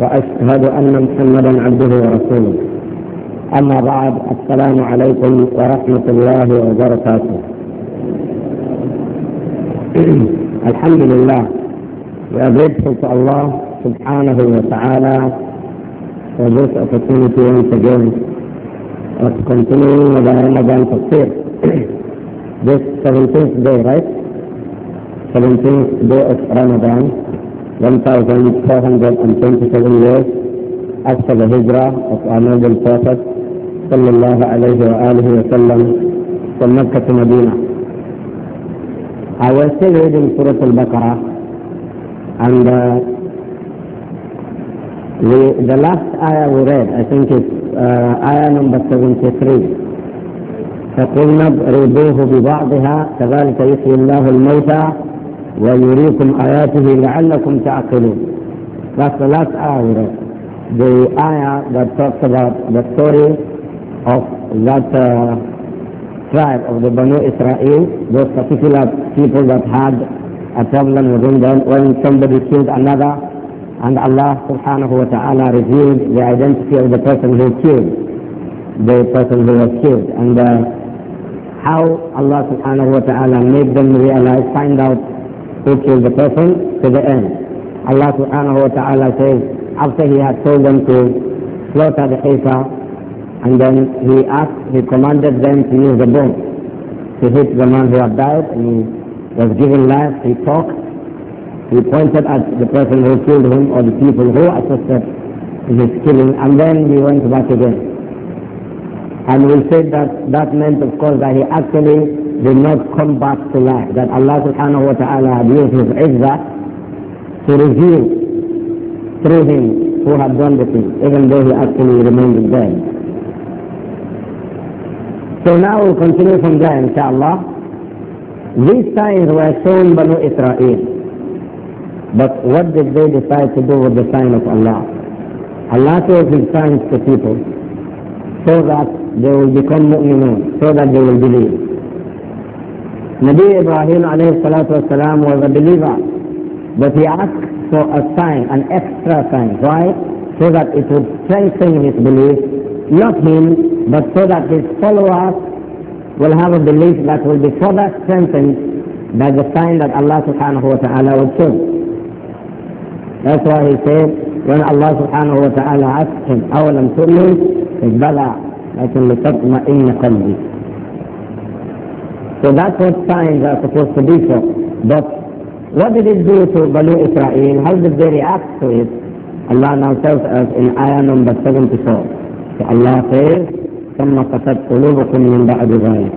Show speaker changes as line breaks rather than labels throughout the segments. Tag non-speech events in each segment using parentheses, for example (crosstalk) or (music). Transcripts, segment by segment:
واشهد ان محمدا عبده ورسوله اما بعد السلام عليكم ورحمه الله وبركاته (clears throat) الحمد لله وأبيت حفظ الله سبحانه وتعالى
وبرس أفتوني في يوم تجون وتكنتني مدى رمضان تكثير This 17th (clears throat) day, right? 17th day of Ramadan. 1,427 years after the hijrah of our noble Prophet صلى الله عليه وآله وسلم sallam from Mecca to Medina. I was still reading Surah
Al-Baqarah and uh, the, the last ayah we read, I think it's uh, ayah number 73. فقلنا اضربوه ببعضها كذلك يحيي الله الموتى ويريكم آياته لعلكم تعقلون That's the last ayah The ayah that talks about the story of that uh, tribe of the Banu Israel, those particular people that had a problem within them when somebody killed another and Allah subhanahu wa ta'ala revealed the identity of the person who killed, the person who was killed and uh, how Allah subhanahu wa ta'ala made them realize, find out who killed the person to the end. Allah subhanahu wa ta'ala says, after he had told them to slaughter the Isa, and then he asked, he commanded them to use the bone to hit the man who had died, and he was given life, he talked, he pointed at the person who killed him or the people who assisted in his killing, and then he went back again. And we said that that meant, of course, that he actually did not come back to life. That Allah subhanahu wa ta'ala had used his izzah to reveal through him who had done the thing, even though he actually remained dead. So now we'll continue from there, inshallah. These signs were shown Banu Israel. But what did they decide to do with the sign of Allah? Allah shows his signs to people so that they will become mu'minun so that they will believe. Nabi Ibrahim alayhi was a believer, but he asked for a sign, an extra sign. Why? So that it would strengthen his belief, not him, but so that his followers will have a belief that will be further strengthened by the sign that Allah subhanahu wa ta'ala would show. That's why he said, when Allah subhanahu wa ta'ala asked him, أَوَلَمْ تُؤْمِنْ بَلَى لكن لتطمئن قلبي So that's what signs are supposed to be for. But what did it do to Banu Israel? How did they react to it? Allah now tells us in ayah number 74. So Allah says, ثم قصد قلوبكم من بعد ذلك.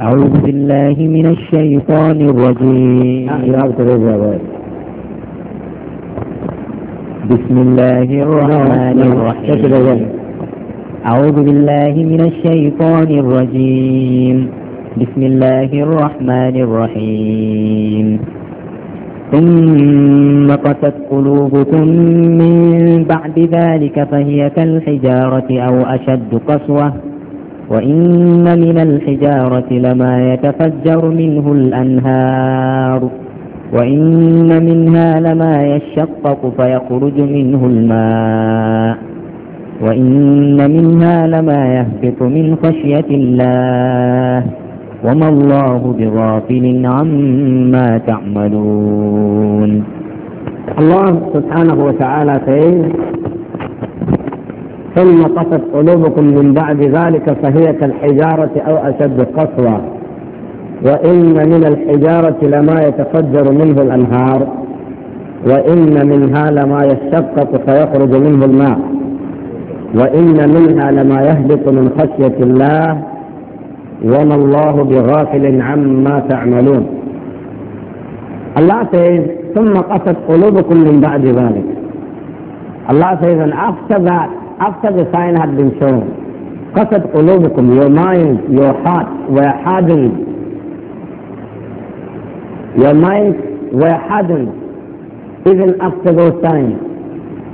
أعوذ بالله من الشيطان الرجيم. you have to read بسم الله الرحمن الرحيم. أعوذ بالله من الشيطان الرجيم بسم الله الرحمن الرحيم ثم قست قلوبكم من بعد ذلك فهي كالحجارة أو أشد قسوة وإن من الحجارة لما يتفجر منه الأنهار وإن منها لما يشقق فيخرج منه الماء وإن منها لما يهبط من خشية الله وما الله بغافل عما
تعملون
الله سبحانه وتعالى سيد ثم قصت قلوبكم من بعد ذلك فهي كالحجارة أو أشد قسوة وإن من الحجارة لما يتفجر منه الأنهار وإن منها لما يشقق فيخرج منه الماء وإن منها لما يهبط من خشية الله وما الله بغافل عما تعملون الله says ثم قست قلوبكم من بعد ذلك Allah says and after that after the sign had been shown قست قلوبكم your mind your heart were hardened your mind were hardened even after those times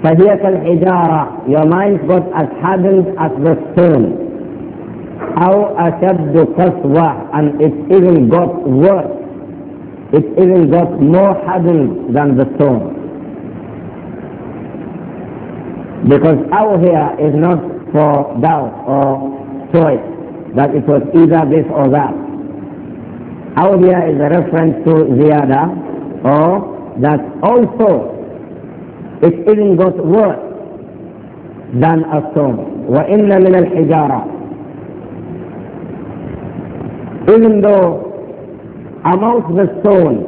فهي كالحجارة your mind got as hardened as the stone أو أشد قسوة and it even got worse it even got more hardened than the stone because our here is not for doubt or choice that it was either this or that our here is a reference to ziyada or that also it even got worse than a stone. وَإِنَّ مِنَ الْحِجَارَةِ Even though amongst the stones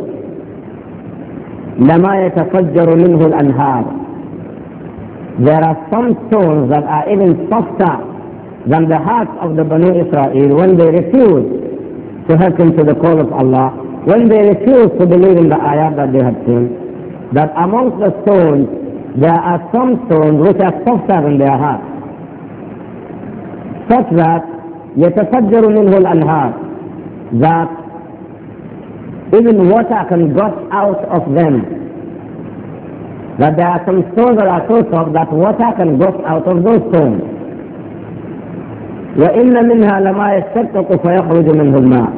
لَمَا يَتَفَجَّرُ مِنْهُ الْأَنْهَارُ There are some stones that are even softer than the hearts of the Banu Israel when they refuse to hearken to the call of Allah, when they refused to believe in the ayah that they had seen, that amongst the stones there are some stones which are softer in their heart, such that يتفجر منه الأنهار that even water can gush out of them. That there are some stones that are so soft that water can gush out of those stones. وإن منها لما يشتقق فيخرج منه الماء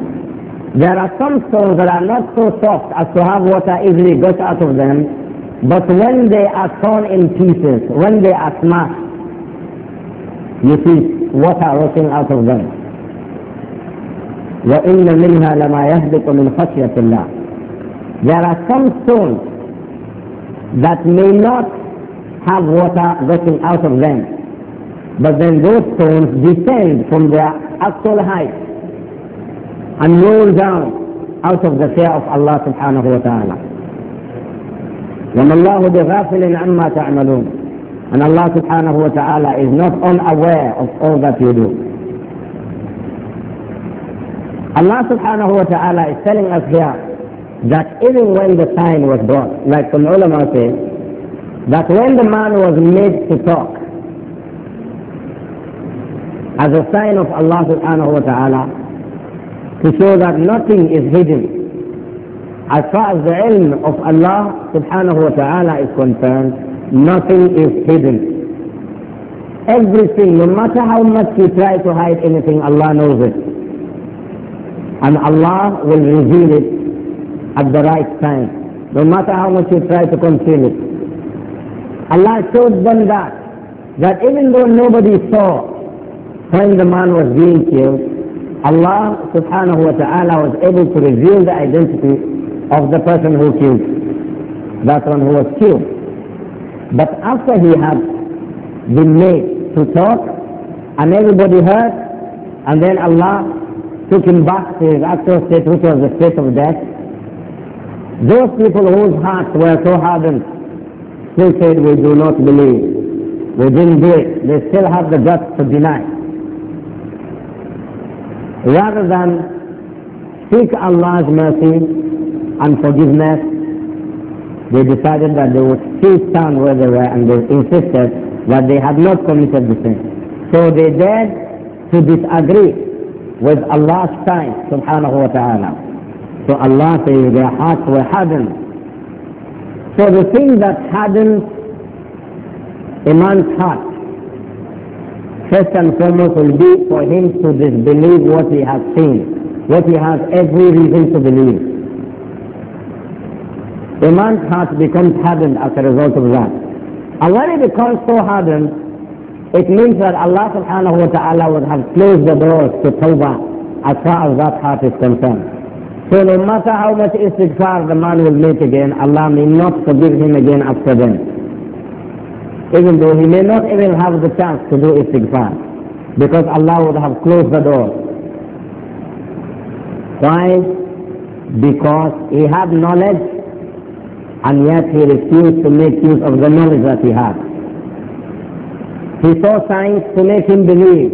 There are some stones that are not so soft as to have water easily gush out of them but when they are torn in pieces, when they are smashed, you see water rushing out of them. وَإِنَّ مِنْهَا لَمَا يَهْبِطُ مِنْ خَشْيَةِ اللَّهِ There are some stones that may not have water rushing out of them, but then those stones descend from their actual height and roll down out of the fear of Allah subhanahu wa ta'ala. وما الله بغافل عما تعملون and Allah subhanahu wa ta'ala is not unaware of all that you do Allah subhanahu wa ta'ala is telling us here that even when the sign was brought like some ulama say that when the man was made to talk as a sign of Allah subhanahu wa ta'ala to show that nothing is hidden as far as the ilm of Allah subhanahu wa ta'ala is concerned, nothing is hidden. Everything, no matter how much you try to hide anything, Allah knows it. And Allah will reveal it at the right time, no matter how much you try to conceal it. Allah showed them that, that even though nobody saw when the man was being killed, Allah subhanahu wa ta'ala was able to reveal the identity of the person who killed, that one who was killed. But after he had been made to talk, and everybody heard, and then Allah took him back to his actual state, which was the state of death. Those people whose hearts were so hardened still said, we do not believe. We didn't do it. They still have the guts to deny. Rather than seek Allah's mercy unforgiveness, they decided that they would still stand where they were and they insisted that they had not committed the sin. So they dared to disagree with Allah's time, subhanahu wa ta'ala. So Allah says their hearts were hardened. So the thing that hardens a man's heart, first and foremost will be for him to disbelieve what he has seen, what he has every reason to believe. A man's heart becomes hardened as a result of that. And when it becomes so hardened, it means that Allah subhanahu wa ta'ala would have closed the doors to tawbah as far as that heart is concerned. So no matter how much istighfar the man will make again, Allah may not forgive him again after then. Even though he may not even have the chance to do istighfar. Because Allah would have closed the door. Why? Because he had knowledge and yet he refused to make use of the knowledge that he had. He saw signs to make him believe.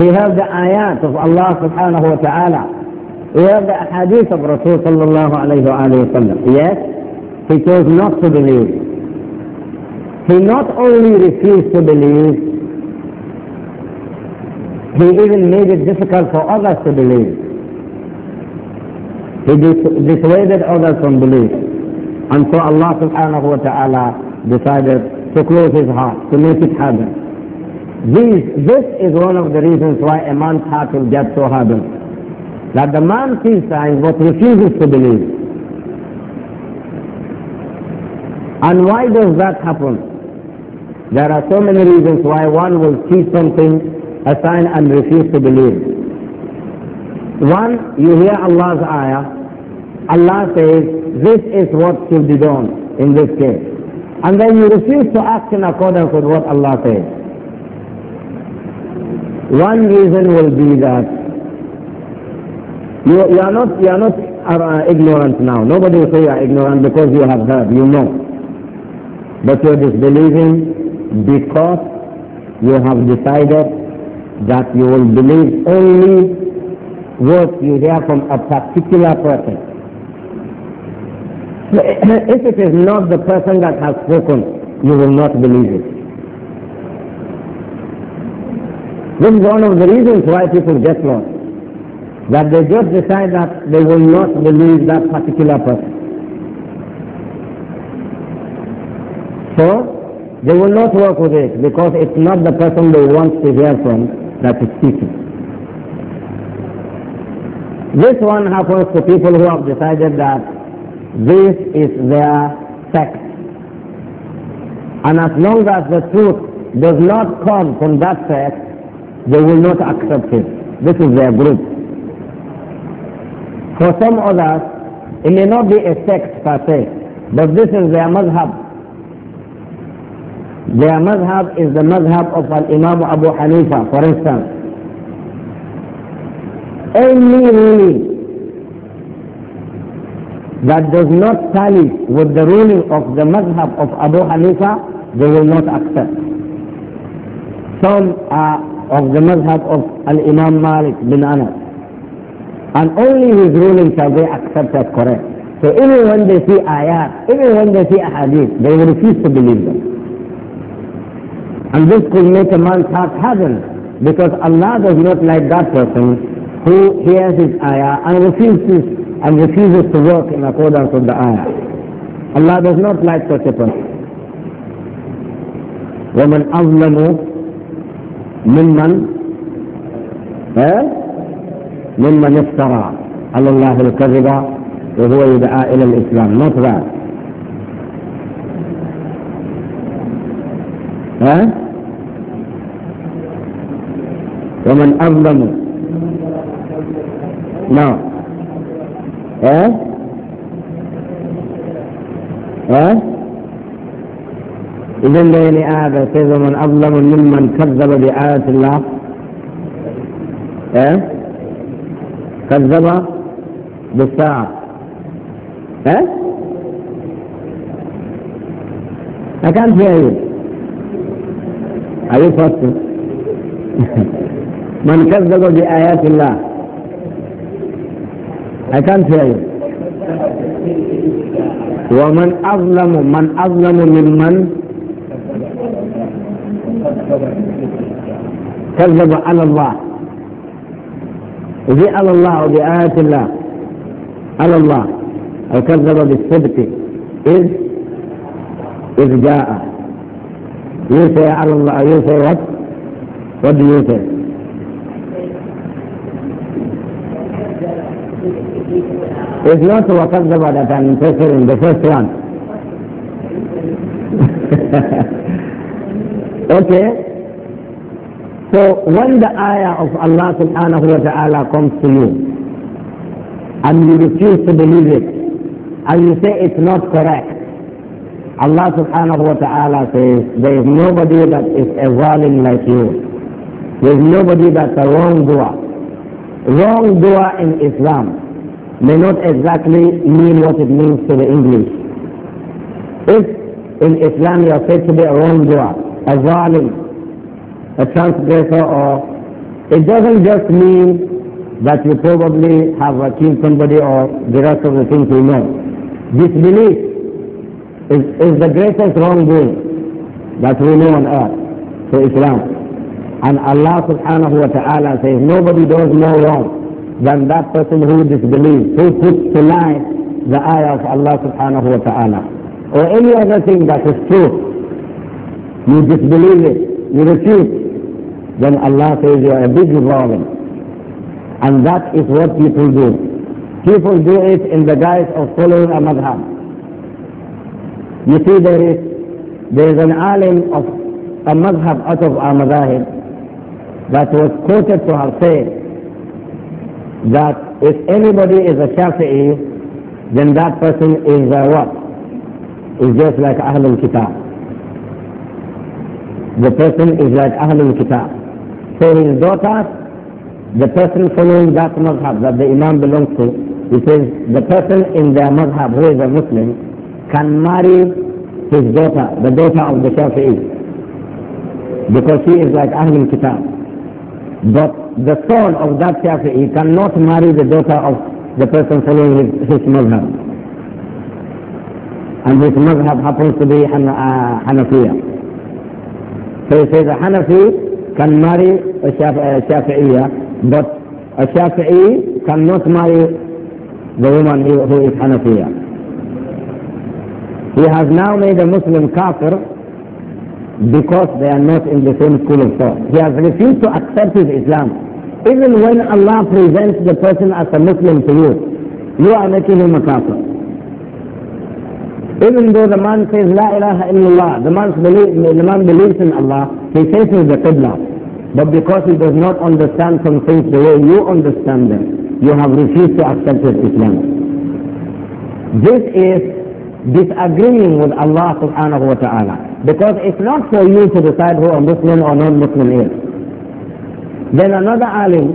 He heard the ayat of Allah subhanahu wa ta'ala. He heard the hadith of Rasul sallallahu alayhi wa sallam. Yes, he chose not to believe. He not only refused to believe, he even made it difficult for others to believe. He dissuaded others from belief. And so Allah subhanahu wa ta'ala decided to close his heart, to make it harder. This this is one of the reasons why a man's heart will get so hardened. That the man sees signs but refuses to believe. And why does that happen? There are so many reasons why one will see something, a sign, and refuse to believe. One, you hear Allah's ayah, Allah says, this is what should be done in this case. And then you refuse to act in accordance with what Allah says. One reason will be that you, you are not, you are not uh, ignorant now. Nobody will say you are ignorant because you have heard, you know. But you are disbelieving
because you have decided that you will believe only what you hear from a particular person
if it is not the person that has spoken, you will not believe it. This is one of the reasons why people get lost. That they just decide that they will not believe that particular person. So, they will not work with it because it's not the person they want to hear from that is speaking. This one happens to people who have decided that this is their sect. And as long as the truth does not come from that sect, they will not accept it. This is their group. For some others, it may not be a sect per se, but this is their madhab. Their madhab is the madhab of Al Imam Abu Hanifa, for instance. Any ruling that does not tally with the ruling of the madhab of Abu Hanifa, they will not accept. Some are of the madhab of Al-Imam Malik bin Anas. And only his ruling shall they accept as correct. So even when they see ayat, even when they see a hadith, they will refuse to believe them. And this could make a man's heart harden because Allah does not like that person who hears his ayah and refuses and refuses to work in accordance with the ayah. Allah does not like such a person. ومن أظلم ممن ممن افترى على الله الكذب وهو يدعى إلى الإسلام not that ها
ومن أظلم نعم ها
ها إذا لين هذا كيف من أظلم ممن كذب بآيات الله ها كذب بالساعة ها أكان في أيوب أيوب فصل
(laughs)
من كذب بآيات الله I can't hear you. ومن أظلم من أظلم ممن كذب على الله وفي على الله وبآيات الله على الله أو كذب بالصدق إذ إذ جاء يوسف على الله يوسف what يوسف
It's not
waqaddaba that I'm interested in the first one. (laughs) okay? So when the ayah of Allah subhanahu wa ta'ala comes to you and you refuse to believe it and you say it's not correct, Allah subhanahu wa ta'ala says, there is nobody that is a zalim like you. There is nobody that's a wrongdoer. Wrongdoer in Islam may not exactly mean what it means to the English. If in Islam you are said to be a wrongdoer, a zalim, a transgressor, or it doesn't just mean that you probably have killed somebody or the rest of the things you know. Disbelief is, is the greatest wrongdoing that we know on earth to Islam. And Allah subhanahu wa ta'ala says nobody does more wrong than that person who disbelieves, who puts to lie the ayah of Allah subhanahu wa ta'ala. Or any other thing that is true, you disbelieve it, you refute, then Allah says you are a big problem. And that is what people do. People do it in the guise of following a madhab. You see there is, there is an alim of a madhab out of our madhahib that was quoted to have said, that if anybody is a Shafi'i, then that person is a what? Is just like Ahlul Kitab. The person is like Ahlul Kitab. So his daughter, the person following that madhab that the Imam belongs to, he says the person in their madhab who is a Muslim can marry his daughter, the daughter of the Shafi'i, because she is like Ahlul Kitab. But the son of that Shafi'i cannot marry the daughter of the person following his, his madhab. And his madhab happens to be Han, uh, Hanafiya. So he says a Hanafi can marry a Shaf, but a Shafi'i cannot marry the woman who, who is Hanafiya. He has now made a Muslim kafir because they are not in the same school of thought. He has refused to accept his Islam. Even when Allah presents the person as a Muslim to you, you are making him a kafir. Even though the man says La ilaha illallah, the, believe, the man believes in Allah, he faces the Qibla. But because he does not understand some things the way you understand them, you have refused to accept his Islam. This is disagreeing with Allah subhanahu wa ta'ala. Because it's not for you to decide who a Muslim or non-Muslim is. Then another alim,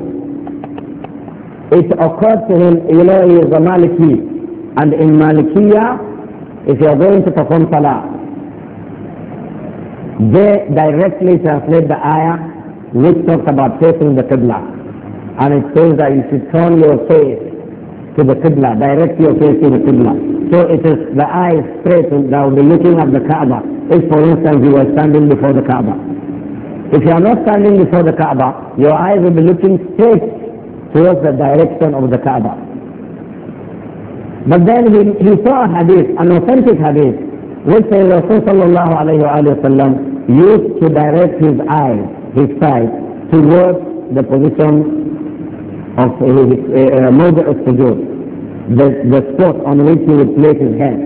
it occurred to him, you know, he is a Maliki. And in Malikiya, if you are going to perform Salah, they directly translate the ayah which talks about facing the Qibla. And it says that you should turn your face to the Qibla, direct your face to the Qibla. So it is the eye is straight and now be looking at the Kaaba. If for instance you are standing before the Kaaba. If you are not standing before the Kaaba, your eyes will be looking straight towards the direction of the Kaaba. But then he, he saw a hadith, an authentic hadith, which says Rasul used to direct his eyes, his sight, towards the position of his uh, uh murder of sujood, the, the spot on which he would place his head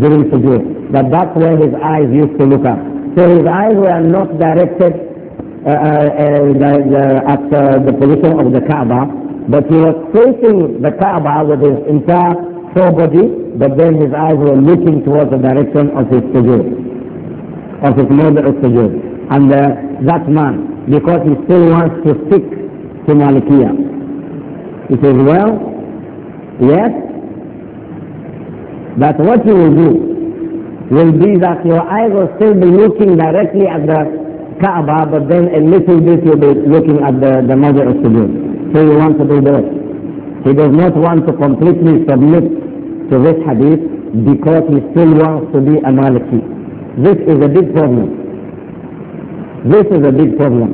during sujood, that that's where his eyes used to look up. So his eyes were not directed uh, uh, uh at uh, the position of the Kaaba, but he was facing the Kaaba with his entire body, but then his eyes were looking towards the direction of his sujood, of his mother of sujood. And that man, because he still wants to stick to Malikiya, he says, well, yes, but what you will do will be that your eyes will still be looking directly at the Kaaba, but then a little bit you'll be looking at the, the Mother of Sujood. So you want to do that. He does not want to completely submit to this hadith because he still wants to be a Maliki. This is a big problem. This is a big problem.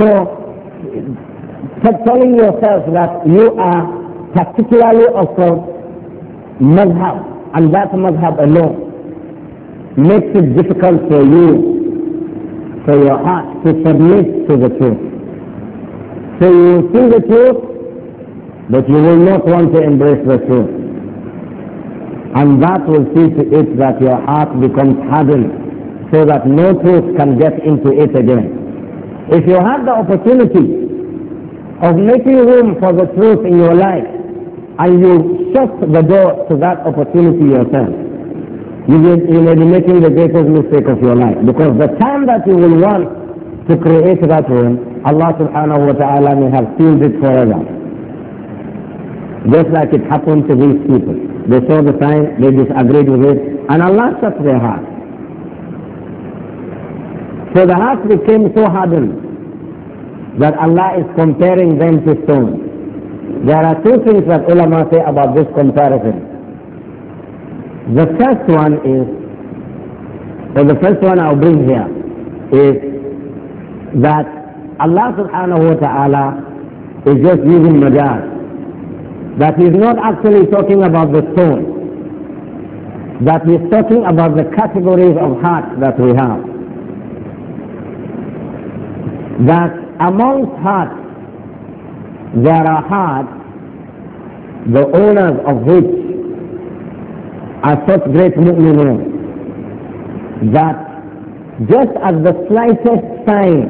So telling yourself that you are particularly of a madhab and that madhab alone makes it difficult for you, for your heart to submit to the truth. So you see the truth, but you will not want to embrace the truth. And that will see to it that your heart becomes hardened so that no truth can get into it again. If you have the opportunity of making room for the truth in your life and you shut the door to that opportunity yourself, you will, you be making the greatest mistake of your life. Because the time that you will want to create that room, Allah subhanahu wa ta'ala may have sealed it forever. Just like it happened to these people. They saw the sign, they disagreed with it, and Allah shut their heart. So the heart became so hardened that Allah is comparing them to stones. There are two things that ulama say about this comparison. The first one is, so the first one I'll bring here is that Allah subhanahu wa ta'ala is just using majaz. That he's not actually talking about the stone. That he's talking about the categories of hearts that we have. That amongst hearts, there are hearts, the owners of which are such great mu'minun, that just at the slightest sign,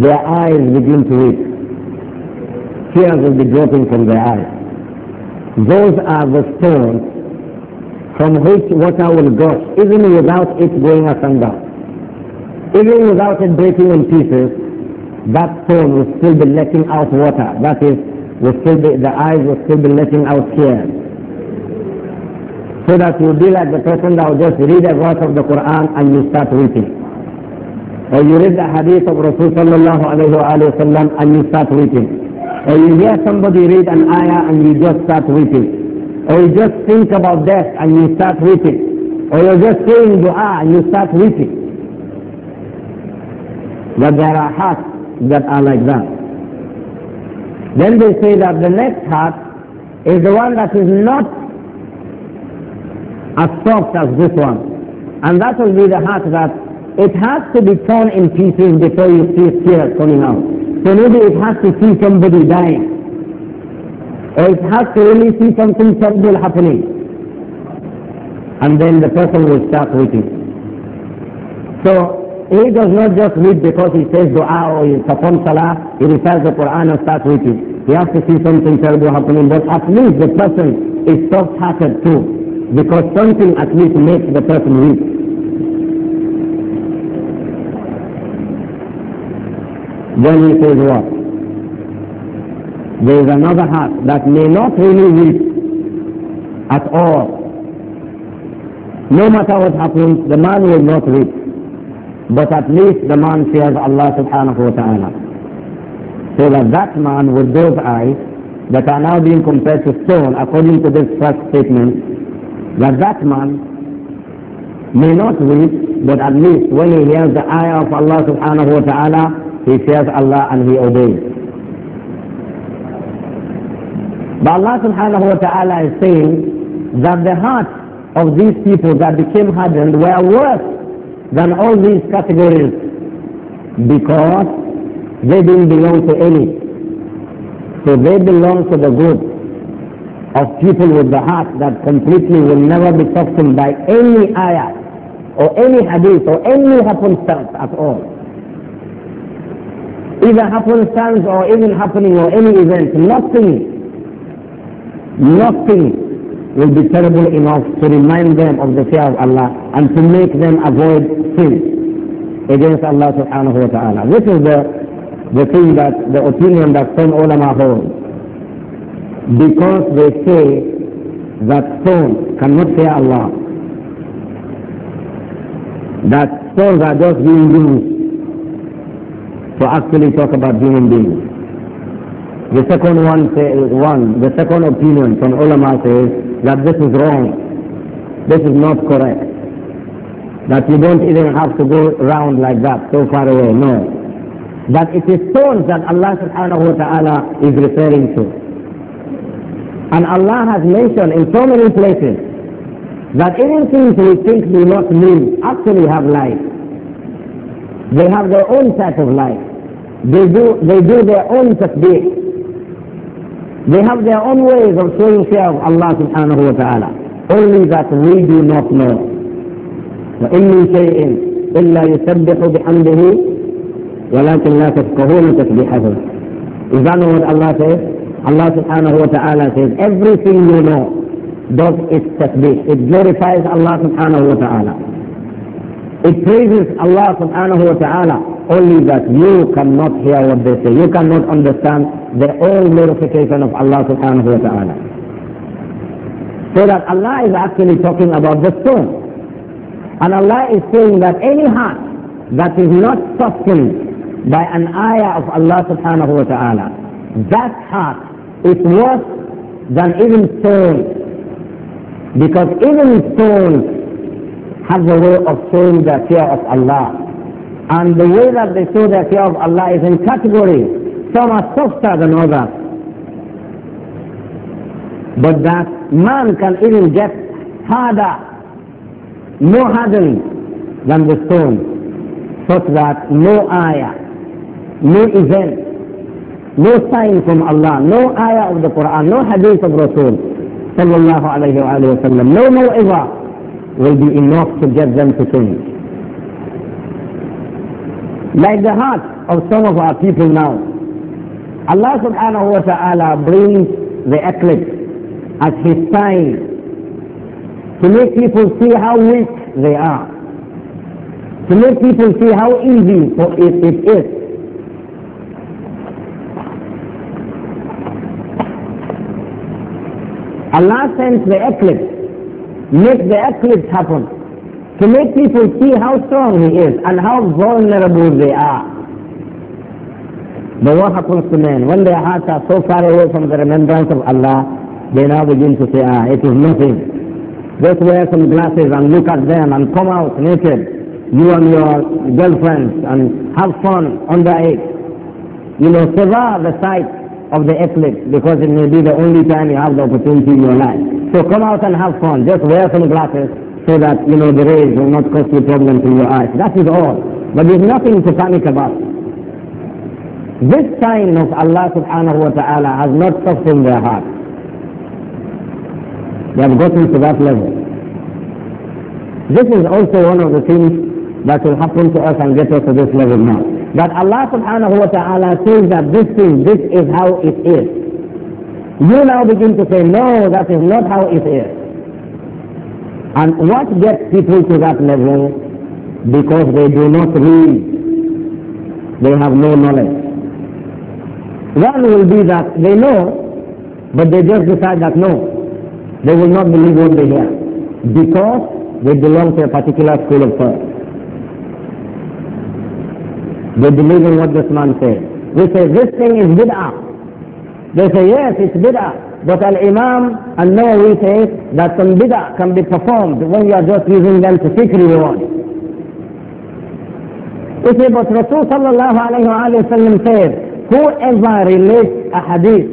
their eyes begin to weep. Tears will be dropping from their eyes. Those are the stones from which water will gush, even without it going up and down. Even without it breaking in pieces, that stone will still be letting out water. That is, will still be, the eyes will still be letting out tears. So that you'll be like the person that will just read a verse of the Quran and you start weeping. Or you read the hadith of Rasulullah sallallahu alayhi wa and you start weeping. Or you hear somebody read an ayah and you just start weeping. Or you just think about death and you start weeping. Or you're just saying dua and you start weeping. But there are hearts that are like that. Then they say that the next heart is the one that is not as soft as this one. And that will be the heart that it has to be torn in pieces before you see tears coming out. So maybe it has to see somebody dying. Or it has to really see something terrible happening. And then the person will start weeping. So he does not just read because he says dua or he performs salah, he recites the Quran and starts weeping. He has to see something terrible happening, but at least the person is soft-hearted too, because something at least makes the person weak. Then he says what? There is another heart that may not really weep at all. No matter what happens, the man will not weep but at least the man fears Allah subhanahu wa ta'ala. So that that man with those eyes that are now being compared to stone according to this first statement, that that man may not reach, but at least when he hears the eye of Allah subhanahu wa ta'ala, he fears Allah and he obeys. But Allah subhanahu wa ta'ala is saying that the hearts of these people that became hardened were worse than all these categories because they didn't belong to any. So they belong to the group of people with the heart that completely will never be softened by any ayah or any hadith or any happenstance at all. Either happenstance or even happening or any event, nothing, nothing will be terrible enough to remind them of the fear of Allah and to make them avoid sin against Allah subhanahu wa ta'ala. This is the, the thing that, the opinion that some ulama hold. Because they say that stones cannot fear Allah. That stones are just being used to actually talk about human beings. The second one, say, one, the second opinion from ulama says that this is wrong, this is not correct, that you don't even have to go round like that, so far away, no. That it is stones that Allah subhanahu wa ta'ala is referring to. And Allah has mentioned in so many places that even things we think do not live actually have life. They have their own type of life. They do, they do their own tasbih. They have their own ways of showing fear of Allah subhanahu wa ta'ala. Only that we do not know. وإن من شيء إلا يسبح بحمده ولكن لا تفقهون تسبيحهم. Is that not what Allah says? Allah subhanahu wa ta'ala says, everything you know does its tasbih. It glorifies Allah subhanahu wa ta'ala. It praises Allah subhanahu wa ta'ala only that you cannot hear what they say. You cannot understand they're all glorification of Allah subhanahu wa ta'ala. So that Allah is actually talking about the stone. And Allah is saying that any heart that is not softened by an ayah of Allah subhanahu wa ta'ala, that heart is worse than even stone, Because even stones have the way of showing their fear of Allah. And the way that they show their fear of Allah is in categories some are softer than other, But that man can even get harder, more hardened than the stone, such that no ayah, no event, no sign from Allah, no ayah of the Quran, no hadith of Rasul, sallallahu alayhi wa sallam, no mu'izah will be enough to get them to change. Like the heart of some of our people now, Allah subhanahu wa ta'ala brings the eclipse as his sign to make people see how weak they are, to make people see how easy for it, it is. Allah sends the eclipse, make the eclipse happen, to make people see how strong he is and how vulnerable they are. But what happens to men? When their hearts are so far away from the remembrance of Allah, they now begin to say, ah, it is nothing. Just wear some glasses and look at them and come out naked, you and your girlfriends, and have fun on the ice. You know, savor the sight of the eclipse because it may be the only time you have the opportunity in your life. So come out and have fun. Just wear some glasses so that, you know, the rays will not cause you problems in your eyes. That is all. But there's nothing to panic about. This sign of Allah subhanahu wa ta'ala has not softened their heart. They have gotten to that level. This is also one of the things that will happen to us and get us to this level now. That Allah subhanahu wa ta'ala says that this thing, this is how it is. You now begin to say, no, that is not how it is. And what gets people to that level? Because they do not read. They have no knowledge. One will be that they know, but they just decide that no, they will not believe what they hear because they belong to a particular school of thought. They believe in what this man says. They say, this thing is bid'ah. They say, yes, it's bid'ah. But Al-Imam and al we say that some bid'ah can be performed when you are just using them to seek reward. We say, but Rasul sallallahu alayhi wa sallam said whoever relates a hadith,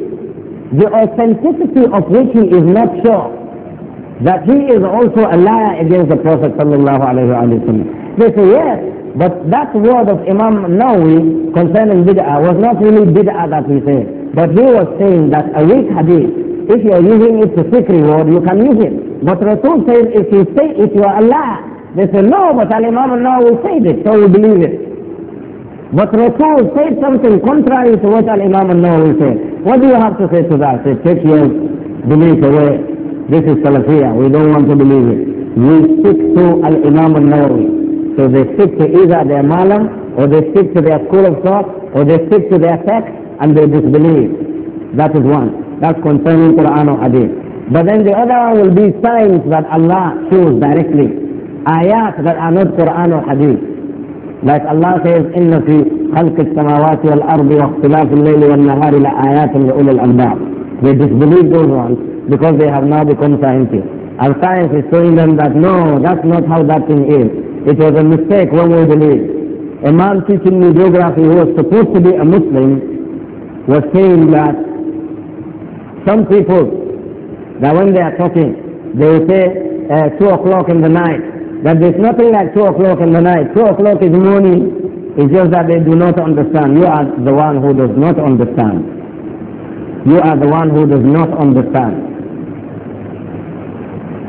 the authenticity of which he is not sure, that he is also a liar against the Prophet They say yes, but that word of Imam Nawawi concerning bid'ah was not really bid'ah that he said, but he was saying that a weak hadith, if you are using it to seek reward, you can use it. But Rasul says if you say it, you are a liar. They say no, but Al Imam Nawawi said it, so we believe it. But Rasul said something contrary to what Al-Imam al-Nawawi said. What do you have to say to that? Say, take your belief away. This is Salafiyah. We don't want to believe it. We stick to Al-Imam al-Nawawi. So they stick to either their malam, or they stick to their school of thought, or they stick to their text, and they disbelieve. That is one. That's concerning Quran or Hadith. But then the other one will be signs that Allah shows directly. Ayat that are not Quran or Hadith. Like Allah says, in the خلق السماوات والأرض واختلاف الليل والنهار لآيات لأولي الألباب. They disbelieve those ones because they have now become scientists. Our science is showing them that no, that's not how that thing is. It was a mistake when we believed. A man teaching me geography who was supposed to be a Muslim was saying that some people, that when they are talking, they will say uh, 2 o'clock in the night, that there's nothing like 2 o'clock in the night. 2 o'clock is morning. It's just that they do not understand. You are the one who does not understand. You are the one who does not understand.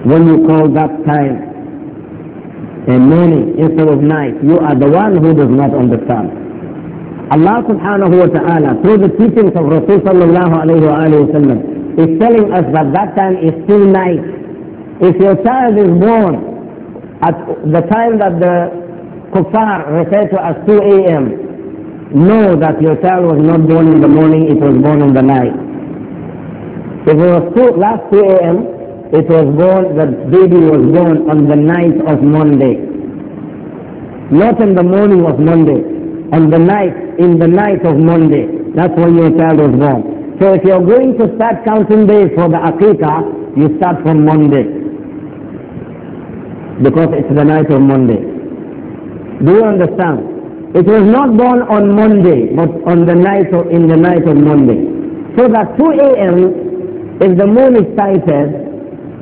When you call that time a morning instead of night, you are the one who does not understand. Allah subhanahu wa ta'ala, through the teachings of Rasul sallallahu alayhi wa sallam, is telling us that that time is still night. If your child is born at the time that the kuffar referred to as 2 a.m., know that your child was not born in the morning, it was born in the night. If it was two, last 2 a.m., it was born, the baby was born on the night of Monday. Not in the morning of Monday, on the night, in the night of Monday. That's when your child was born. So if you're going to start counting days for the Aqiqah, you start from Monday because it's the night of Monday. Do you understand? It was not born on Monday, but on the night of, in the night of Monday. So that 2 a.m., if the moon is sighted,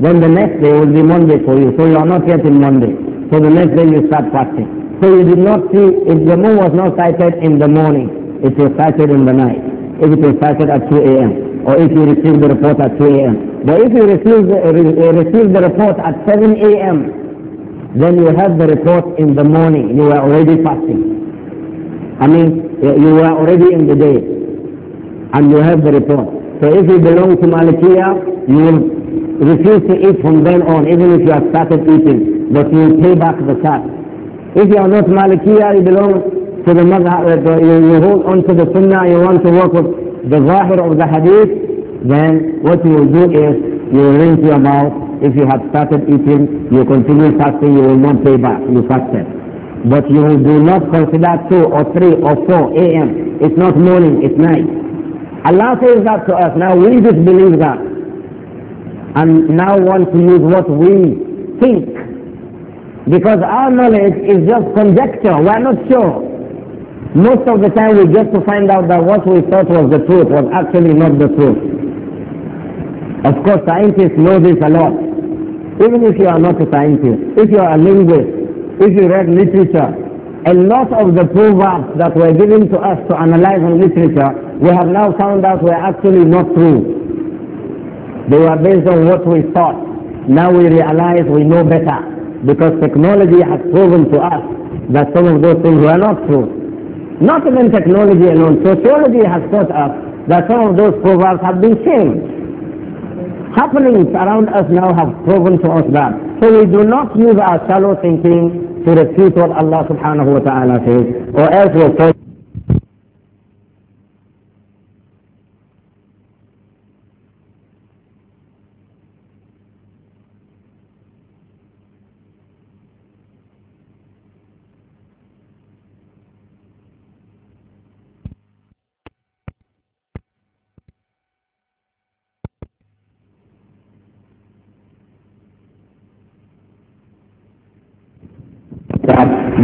then the next day will be Monday for you. So you are not yet in Monday. So the next day you start fasting. So you did not see, if the moon was not sighted in the morning, it was sighted in the night. If it was sighted at 2 a.m or if you receive the report at 2 a.m. But if you receive the, uh, uh receive the report at 7 a.m., then you have the report in the morning. You were already fasting. I mean, you were already in the day. And you have the report. So if you belong to Malikiya, you will refuse to eat from then on, even if you have started eating. But you will pay back the tax. If you are not Malikiya, you belong to the madhab, uh, you, you hold on to the sunnah, you want to work with the zahir of the hadith, then what you will do is you will rinse your mouth if you have started eating, you continue fasting, you will not pay back. You fasted. But you do not consider 2 or 3 or 4 a.m. It's not morning, it's night. Allah says that to us. Now we just believe that. And now want to use what we think. Because our knowledge is just conjecture. We are not sure. Most of the time we get to find out that what we thought was the truth was actually not the truth. Of course, scientists know this a lot even if you are not a scientist, if you are a linguist, if you read literature, a lot of the proverbs that were given to us to analyze in literature, we have now found out were actually not true. They were based on what we thought. Now we realize we know better because technology has proven to us that some of those things were not true. Not even technology alone, sociology has taught us that some of those proverbs have been changed happenings around us now have proven to us that. So we do not use our shallow thinking to refute what Allah subhanahu wa ta'ala
says, or else we'll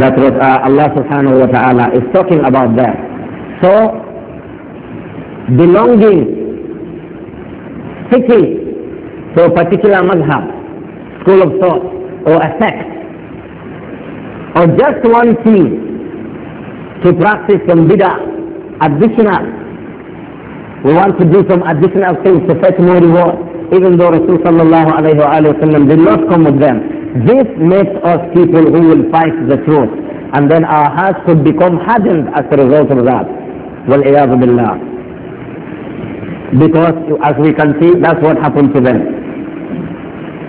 that was, uh, Allah
subhanahu wa ta'ala is talking about there. So, belonging, sticking to a particular madhab, school of thought, or a sect, or just one thing to practice some bid'ah, additional. We want to do some additional things to fetch more reward, even though Rasulullah sallallahu alayhi wa did not come with them. This makes us people who will fight the truth. And then our hearts could become hardened as a result of that. وَالْعِيَاذُ Because as we can see, that's what happened to them.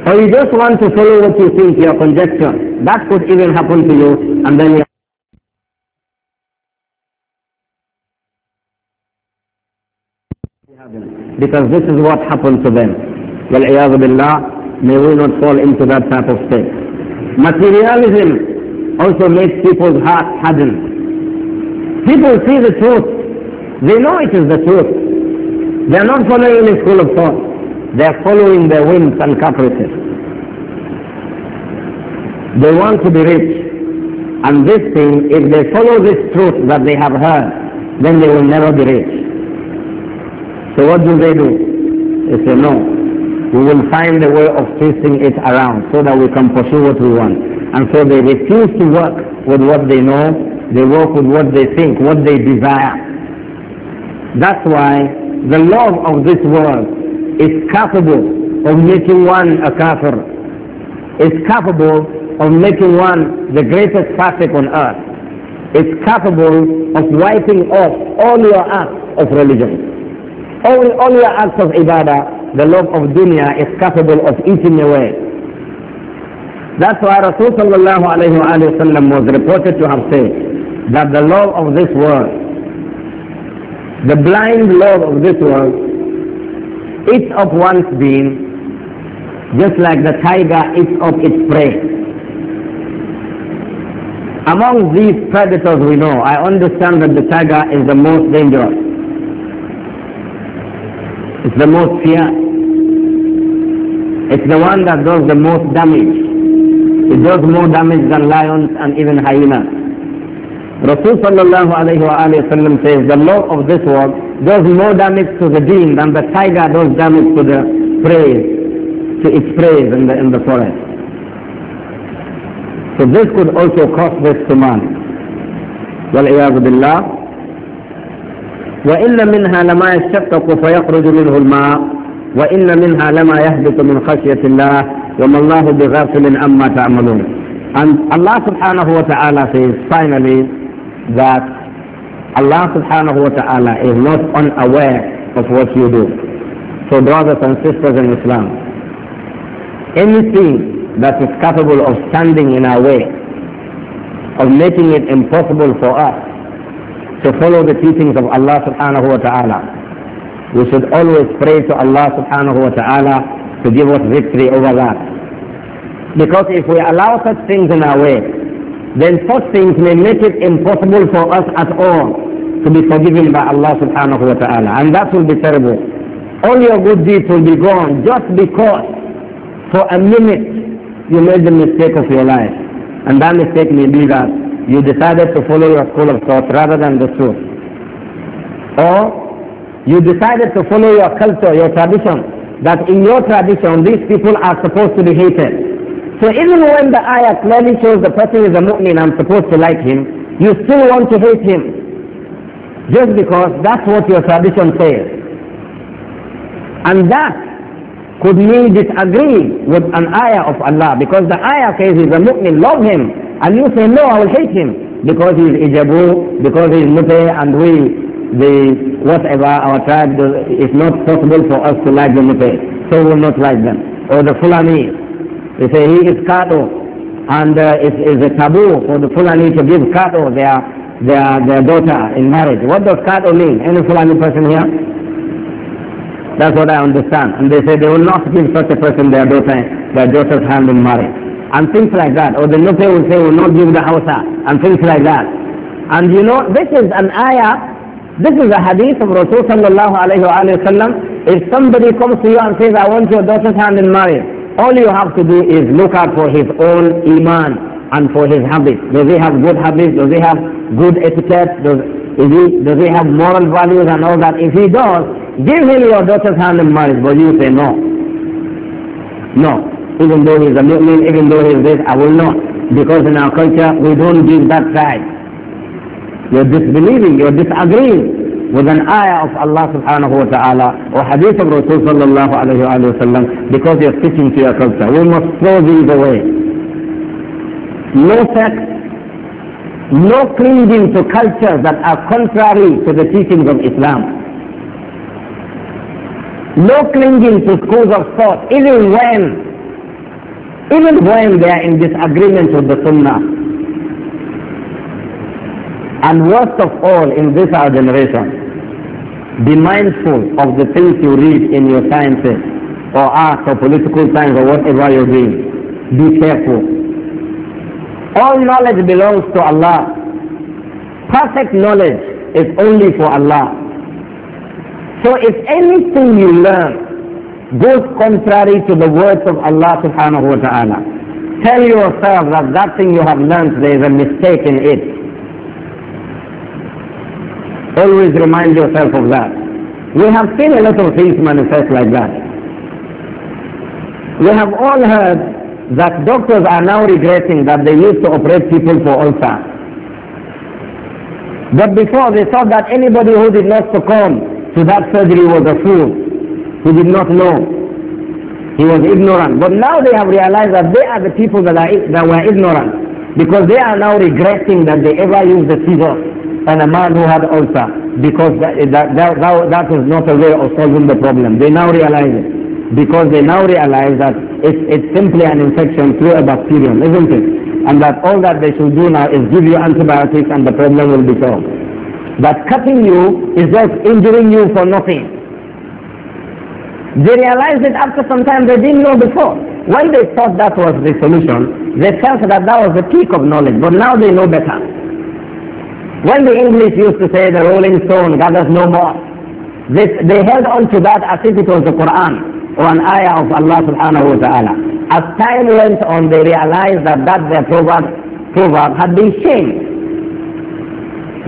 Or you just want to follow what you think, your conjecture. That could even happen to you, and then you because this is what happened to them. وَالْعِيَاذُ May we not fall into that type of state. Materialism also makes people's hearts harden. People see the truth. They know it is the truth. They are not following any school of thought. They are following their whims and caprices. They want to be rich. And this thing, if they follow this truth that they have heard, then they will never be rich. So what do they do? They say, no, we will find a way of twisting it around so that we can pursue what we want. And so they refuse to work with what they know, they work with what they think, what they desire. That's why the love of this world is capable of making one a kafir, is capable of making one the greatest fanatic on earth, is capable of wiping off all your acts of religion, all, all your acts of ibadah the love of dunya is capable of eating away. That's why Rasulullah was reported to have said that the love of this world, the blind love of this world, eats up one's being just like the tiger eats up its prey. Among these predators we know, I understand that the tiger is the most dangerous. It's the most fierce. It's the one that does the most damage. It does more damage than lions and even hyenas. Rasul sallallahu alayhi wa sallam says the law of this world does more damage to the deen than the tiger does damage to the prey, to its prey in the, in the forest. So this could also cause this to man. والعياذ بالله وإن منها لما يشتق فيخرج منه الماء وإن منها لما يهبط من خشية الله وما الله بغافل عما تعملون And Allah subhanahu wa ta'ala says finally that Allah subhanahu wa ta'ala is not unaware of what you do. So brothers and sisters in Islam, anything that is capable of standing in our way, of making it impossible for us to follow the teachings of Allah subhanahu wa ta'ala, we should always pray to Allah subhanahu wa ta'ala to give us victory over that. Because if we allow such things in our way, then such things may make it impossible for us at all to be forgiven by Allah subhanahu wa ta'ala. And that will be terrible. All your good deeds will be gone just because for a minute you made the mistake of your life. And that mistake may be that you decided to follow your school of thought rather than the truth. Or you decided to follow your culture, your tradition, that in your tradition these people are supposed to be hated. So even when the ayah clearly shows the person is a mu'min, I'm supposed to like him, you still want to hate him. Just because that's what your tradition says. And that could mean disagree with an ayah of Allah because the ayah says he's a mu'min, love him. And you say, no, I will hate him because he's ijabu, because he's mute, and we the whatever our tribe does, it's not possible for us to like them, okay, so we will not like them. Or the Fulani, they say he is Kato, and uh, it is a taboo for the Fulani to give Kato their, their, their daughter in marriage. What does Kato mean? Any Fulani person here? That's what I understand. And they say they will not give such a person their daughter, their daughter's hand in marriage. And things like that. Or the Nupe will say will not give the Hausa, and things like that. And you know, this is an ayah this is a hadith of Rasulullah sallallahu alayhi wa sallam. If somebody comes to you and says, I want your daughter's hand in marriage, all you have to do is look out for his own iman and for his habits. Does he have good habits? Does he have good etiquette? Does, is he, does he have moral values and all that? If he does, give him your daughter's hand in marriage, but you say no. No. Even though he's a mu'min, even though he's this, I will not. Because in our culture, we don't give that side. You're disbelieving, you're disagreeing with an ayah of Allah subhanahu wa ta'ala
or hadith of Rasul sallallahu alayhi wa sallam because you're sticking to your culture. We must throw these away. No sex, no
clinging to cultures that are contrary to the teachings of Islam no clinging to schools of thought, even when, even when they are in disagreement with the Sunnah. And worst of all in this our generation, be mindful of the things you read in your sciences or art or political science or whatever you're doing. Be careful. All knowledge belongs to Allah. Perfect knowledge is only for Allah. So if anything you learn goes contrary to the words of Allah subhanahu wa ta'ala, tell yourself that that thing you have learned, there is a mistake in it. Always remind yourself of that. We have seen a lot of things manifest like that. We have all heard that doctors are now regretting that they used to operate people for ulcer. But before they thought that anybody who did not succumb to that surgery was a fool. He did not know. He was ignorant. But now they have realized that they are the people that, are, that were ignorant because they are now regretting that they ever used the scissors and a man who had ulcer because that, that, that, that was not a way of solving the problem. They now realize it because they now realize that it's, it's simply an infection through a bacterium, isn't it? And that all that they should do now is give you antibiotics and the problem will be solved. But cutting you is just injuring you for nothing. They realized it after some time they didn't know before. When they thought that was the solution, they felt that that was the peak of knowledge, but now they know better. When the English used to say the rolling stone gathers no more, they, they held on to that as if it was the Quran or an ayah of Allah subhanahu wa ta'ala. As time went on, they realized that that their proverb, proverb had been changed.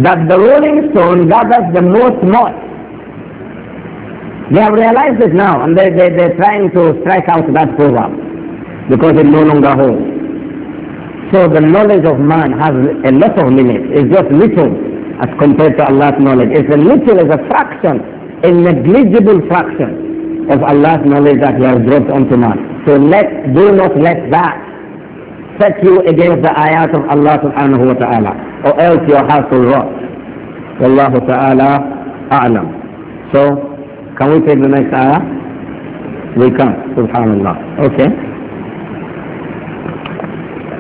That the rolling stone gathers the most moss. They have realized it now and they, they, they're trying to strike out that proverb because it no longer holds. So the knowledge of man has a lot of It's just little as compared to Allah's knowledge. It's a little, it's a fraction, a negligible fraction of Allah's knowledge that He has dropped onto man. So let, do not let that set you against the ayat of Allah subhanahu wa ta'ala or else your house will rot. Wallahu ta'ala a'lam. So, can we take the next ayah? We can, subhanallah. Okay.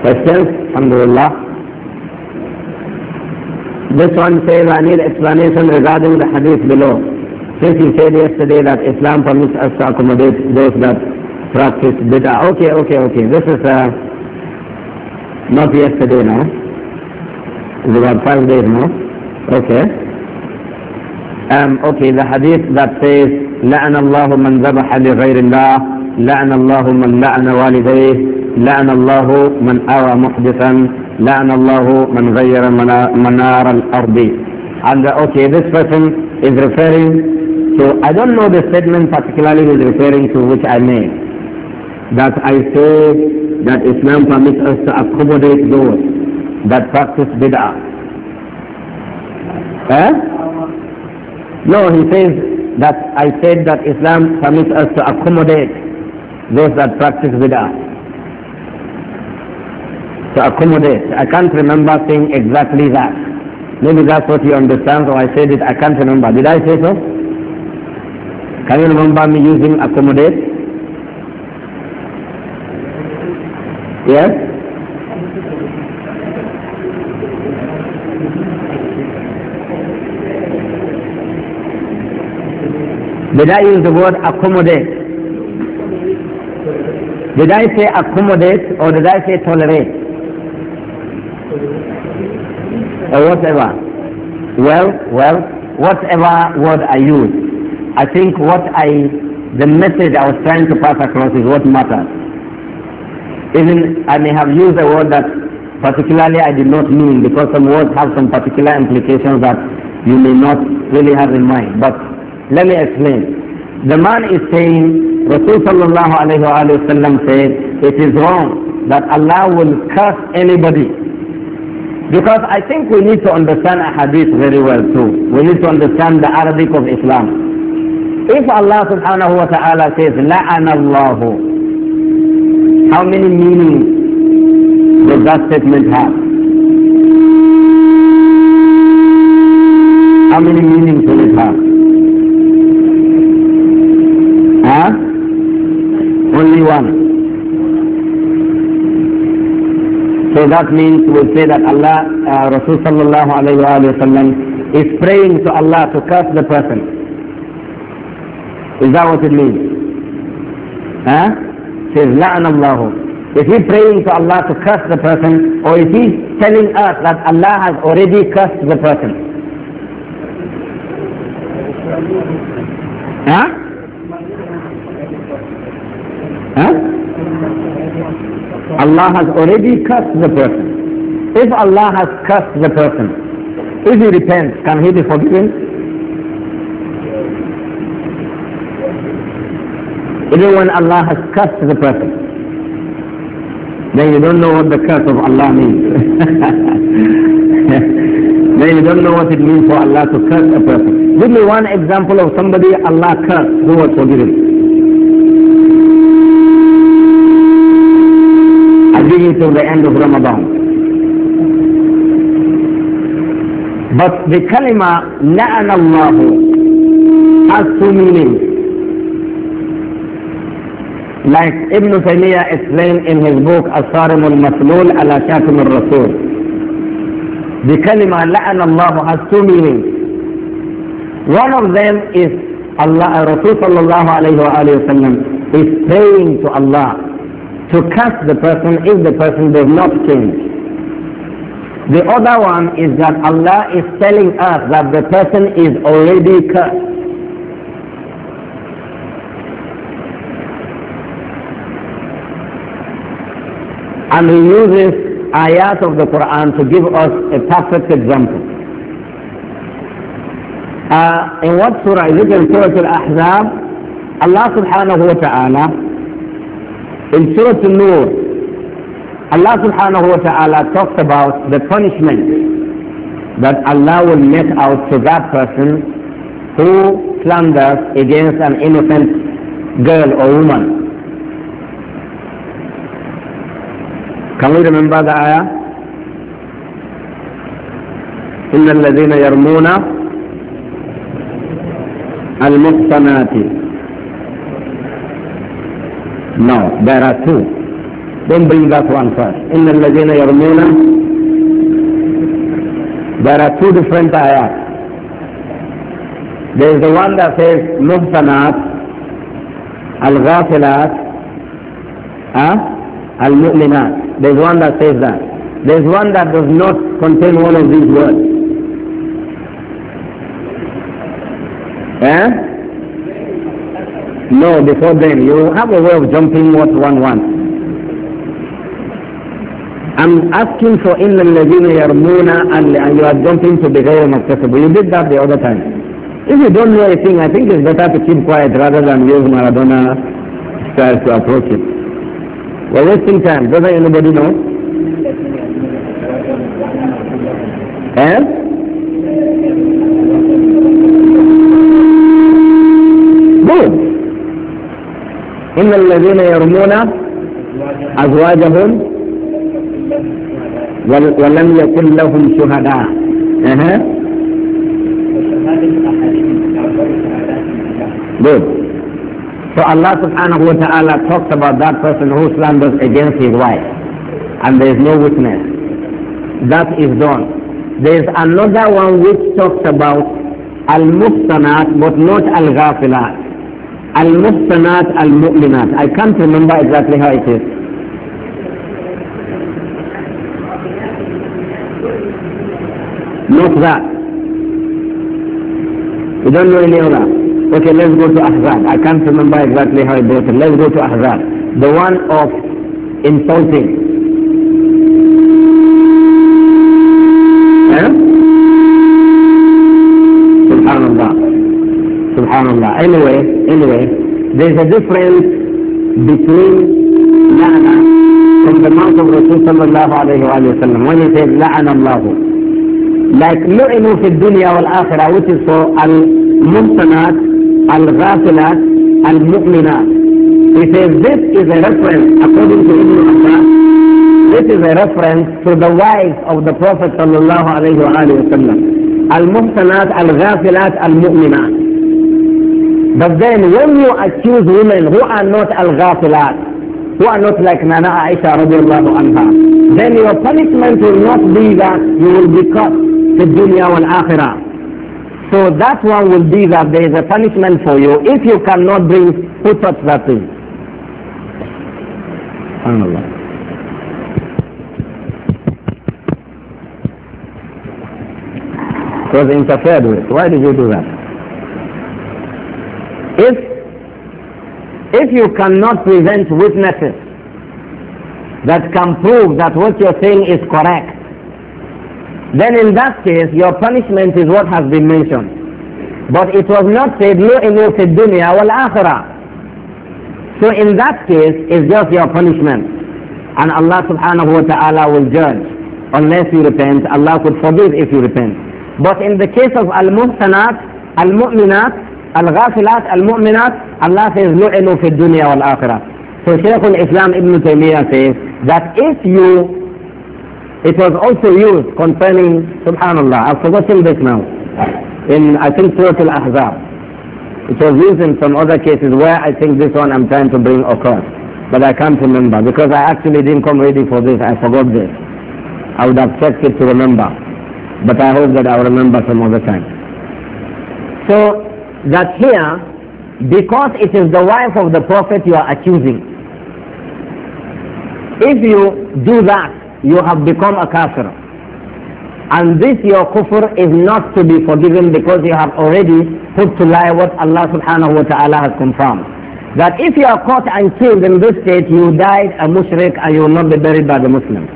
Questions? Alhamdulillah. This one says, I need explanation regarding the hadith below. Since you said yesterday that Islam permits us to accommodate those that practice bid'ah. Okay, okay, okay. This is uh, not yesterday now. It's about five days now. Okay. Um, okay, the hadith that says, لعن الله من ذبح لغير الله لعن الله من لعن والديه لعن الله من أرى محدثا لعن الله من غير منار الأرض and uh, okay this person is referring to I don't know the statement particularly he's referring to which I made that I say that Islam permits us to accommodate those that practice bid'ah eh? no he says that I said that Islam permits us to accommodate those that practice bid'ah to accommodate. I can't remember saying exactly that. Maybe that's what you understand, or I said it, I can't remember. Did I say so? Can you remember me using accommodate?
Yes? Did
I use the word accommodate? Did I say accommodate or did I say tolerate?
or
whatever. Well, well, whatever word I use, I think what I, the message I was trying to pass across is what matters. Even I may have used a word that particularly I did not mean because some words have some particular implications that you may not really have in mind. But let me explain. The man is saying, Rasulullah sallallahu alayhi wa said, it is wrong that Allah will curse anybody because I think we need to understand a hadith very well too. We need to understand the Arabic of Islam. If Allah subhanahu wa ta'ala says, لَعَنَ اللَّهُ How many meanings does that statement have?
How many meanings does it have? Huh? Only one.
So that means we say that Allah, uh, Rasul sallallahu alayhi wa is praying to Allah to curse the person. Is that what it means? Huh? Says, لعن الله. Is he praying to Allah to curse the person or is he telling us that Allah has already cursed the person? Huh? Allah has already cursed the person. If Allah has cursed the person, if he repents, can he be forgiven? Even when Allah has cursed the person, then you don't know what the curse of Allah means. (laughs) then you don't know what it means for Allah to curse a person. Give me one example of somebody Allah cursed who was forgiven. ideally till the end of Ramadan. But the kalima لعن الله has two meanings. Like Ibn Taymiyyah explained in his book Asarim al-Maslul ala Shatim al-Rasul. The kalima لعن الله has two meanings. One of them is Allah, Rasul sallallahu alayhi wa sallam is praying to Allah to curse the person if the person does not change. The other one is that Allah is telling us that the person is already cursed. And he uses ayat of the Quran to give us a perfect example. Uh, in what surah? Is it in Surah Al-Ahzab? Allah subhanahu wa ta'ala in Surah An-Nur, Allah subhanahu wa ta'ala talks about the punishment that Allah will make out to that person who slanders against an innocent girl or woman. Can we remember the ayah? إن الذين يرمون المحصنات no, there are two. Then bring that one Al إِنَّ الَّذِينَ يَرْمُونَ There are two different ayat. There is the one that says مُحْسَنَات الْغَافِلَات huh? Al-Mu'minat. There is one that says that. There is one that does not contain one of these words. Eh? No, before then. You have a way of jumping what one wants. I'm asking for إِلَّا الَّذِينَ يَرْمُونَ and you are jumping to very accessible. You did that the other time. If you don't know a thing, I think it's better to keep quiet
rather than use Maradona style to approach it. We're wasting time. Doesn't anybody know? Eh?
إن الذين يرمون أزواجهم ولم يكن لهم شهداء أها Good. So Allah subhanahu wa ta'ala talks about that person who slanders against his wife and there is no witness. That is done. There is another one which talks about al-muqsanat but not al-ghafilat. Al-Muhsanat Al-Mu'minat. I can't remember exactly how it is. Not that. You don't know any of that. Okay, let's go to Ahzab. I can't remember exactly how it goes. Let's go to Ahzab. The one of insulting.
Eh? SubhanAllah. Subhanallah. Anyway,
anyway, there's a difference between la'na from the mouth of Rasul sallallahu alayhi wa sallam when he says la'ana Allahu. Like lu'inu fi dunya wal akhirah which is for al-mumtanat, al-ghafilat, al-mu'minat. He says this is a reference according to Ibn Abbas. This is a reference to the wives of the Prophet sallallahu alayhi wa sallam. Al-mumtanat, al-ghafilat, al-mu'minat. But then when you accuse women who are not al-ghafilat, who are not like Nana Aisha radiallahu anha, then your punishment will not be that you will be caught في الدنيا akhirah. So that one will be that there is a punishment for you if you
cannot bring who taught that thing.
Was interfered with. Why did you do that? If, if you cannot present witnesses that can prove that what you're saying is correct, then in that case your punishment is what has been mentioned. But it was not said, no in في الدنيا So in that case, it's just your punishment. And Allah subhanahu wa ta'ala will judge. Unless you repent, Allah could forgive if you repent. But in the case of al-muhsanat, al-mu'minat, Al-Ghafilat, al says, لُعِنُوا فِي الدُّنْيَا وَالْآخِرَةِ So Shaykh islam Ibn says that if you, it was also used concerning, subhanallah, I've forgotten this now, in I think Surah Al-Ahzab. It was used in some other cases where I think this one I'm trying to bring across. But I can't remember because I actually didn't come ready for this. I forgot this. I would have checked it to remember. But I hope that I'll remember some other time. So that here, because it is the wife of the Prophet you are accusing, if you do that, you have become a kafir. And this your kufr is not to be forgiven because you have already put to lie what Allah subhanahu wa ta'ala has confirmed. That if you are caught and killed in this state, you died a mushrik and you will not be buried by the Muslims.